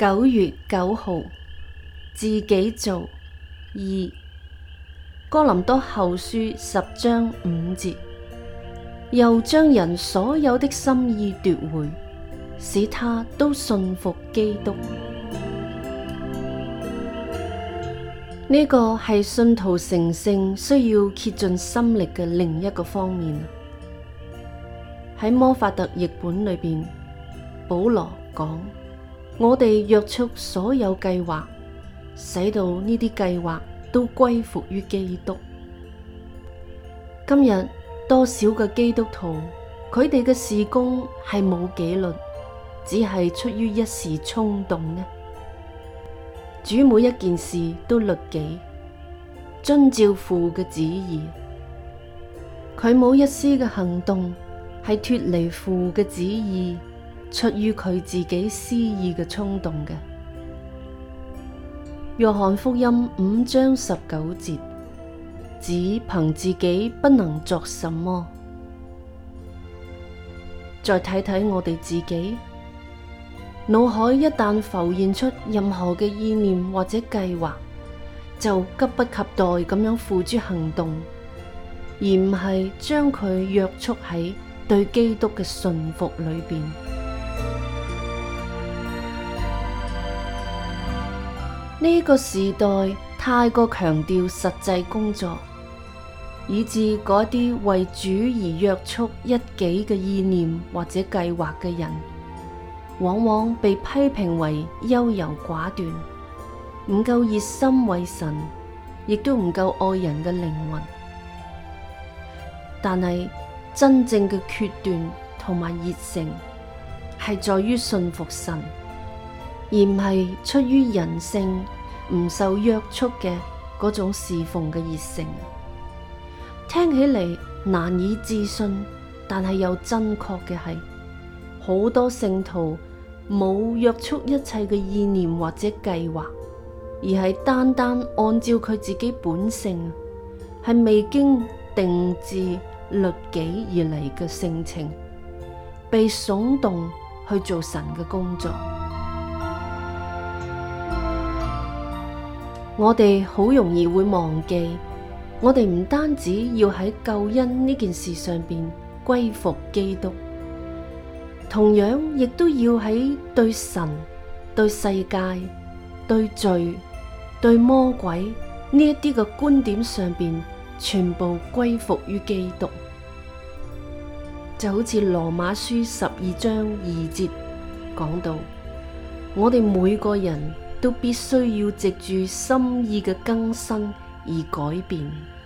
九月九號，自己做二哥林多後書十章五節，又將人所有的心意奪回，使他都信服基督。呢、這個係信徒成聖需要竭盡心力嘅另一個方面。喺摩法特譯本裏面，保羅講。我哋約束所有計劃，使到呢啲計劃都歸附於基督。今日多少個基督徒，佢哋嘅事工係冇紀律，只係出於一時衝動呢？主每一件事都律己，遵照父嘅旨意，佢冇一絲嘅行動係脫離父嘅旨意。出於佢自己私意嘅衝動嘅，《約翰福音》五章十九節，只憑自己不能作什麼。再睇睇我哋自己，腦海一旦浮現出任何嘅意念或者計劃，就急不及待咁樣付諸行動，而唔係將佢約束喺對基督嘅信服裏邊。呢個時代太過強調實際工作，以致嗰啲為主而約束一己嘅意念或者計劃嘅人，往往被批評為優柔寡斷，唔夠熱心為神，亦都唔夠愛人嘅靈魂。但係真正嘅決斷同埋熱誠，係在於信服神。而唔係出於人性唔受約束嘅嗰種侍奉嘅熱誠，聽起嚟難以置信，但係又真確嘅係，好多聖徒冇約束一切嘅意念或者計劃，而係單單按照佢自己本性，係未經定志律己而嚟嘅性情，被慫動去做神嘅工作。我哋好容易會忘記，我哋唔單止要喺救恩呢件事上面歸服基督，同樣亦都要喺對神、對世界、對罪、對魔鬼呢一啲嘅觀點上面，全部歸服於基督。就好似羅馬書十二章二節講到，我哋每個人。都必須要藉住心意嘅更新而改變。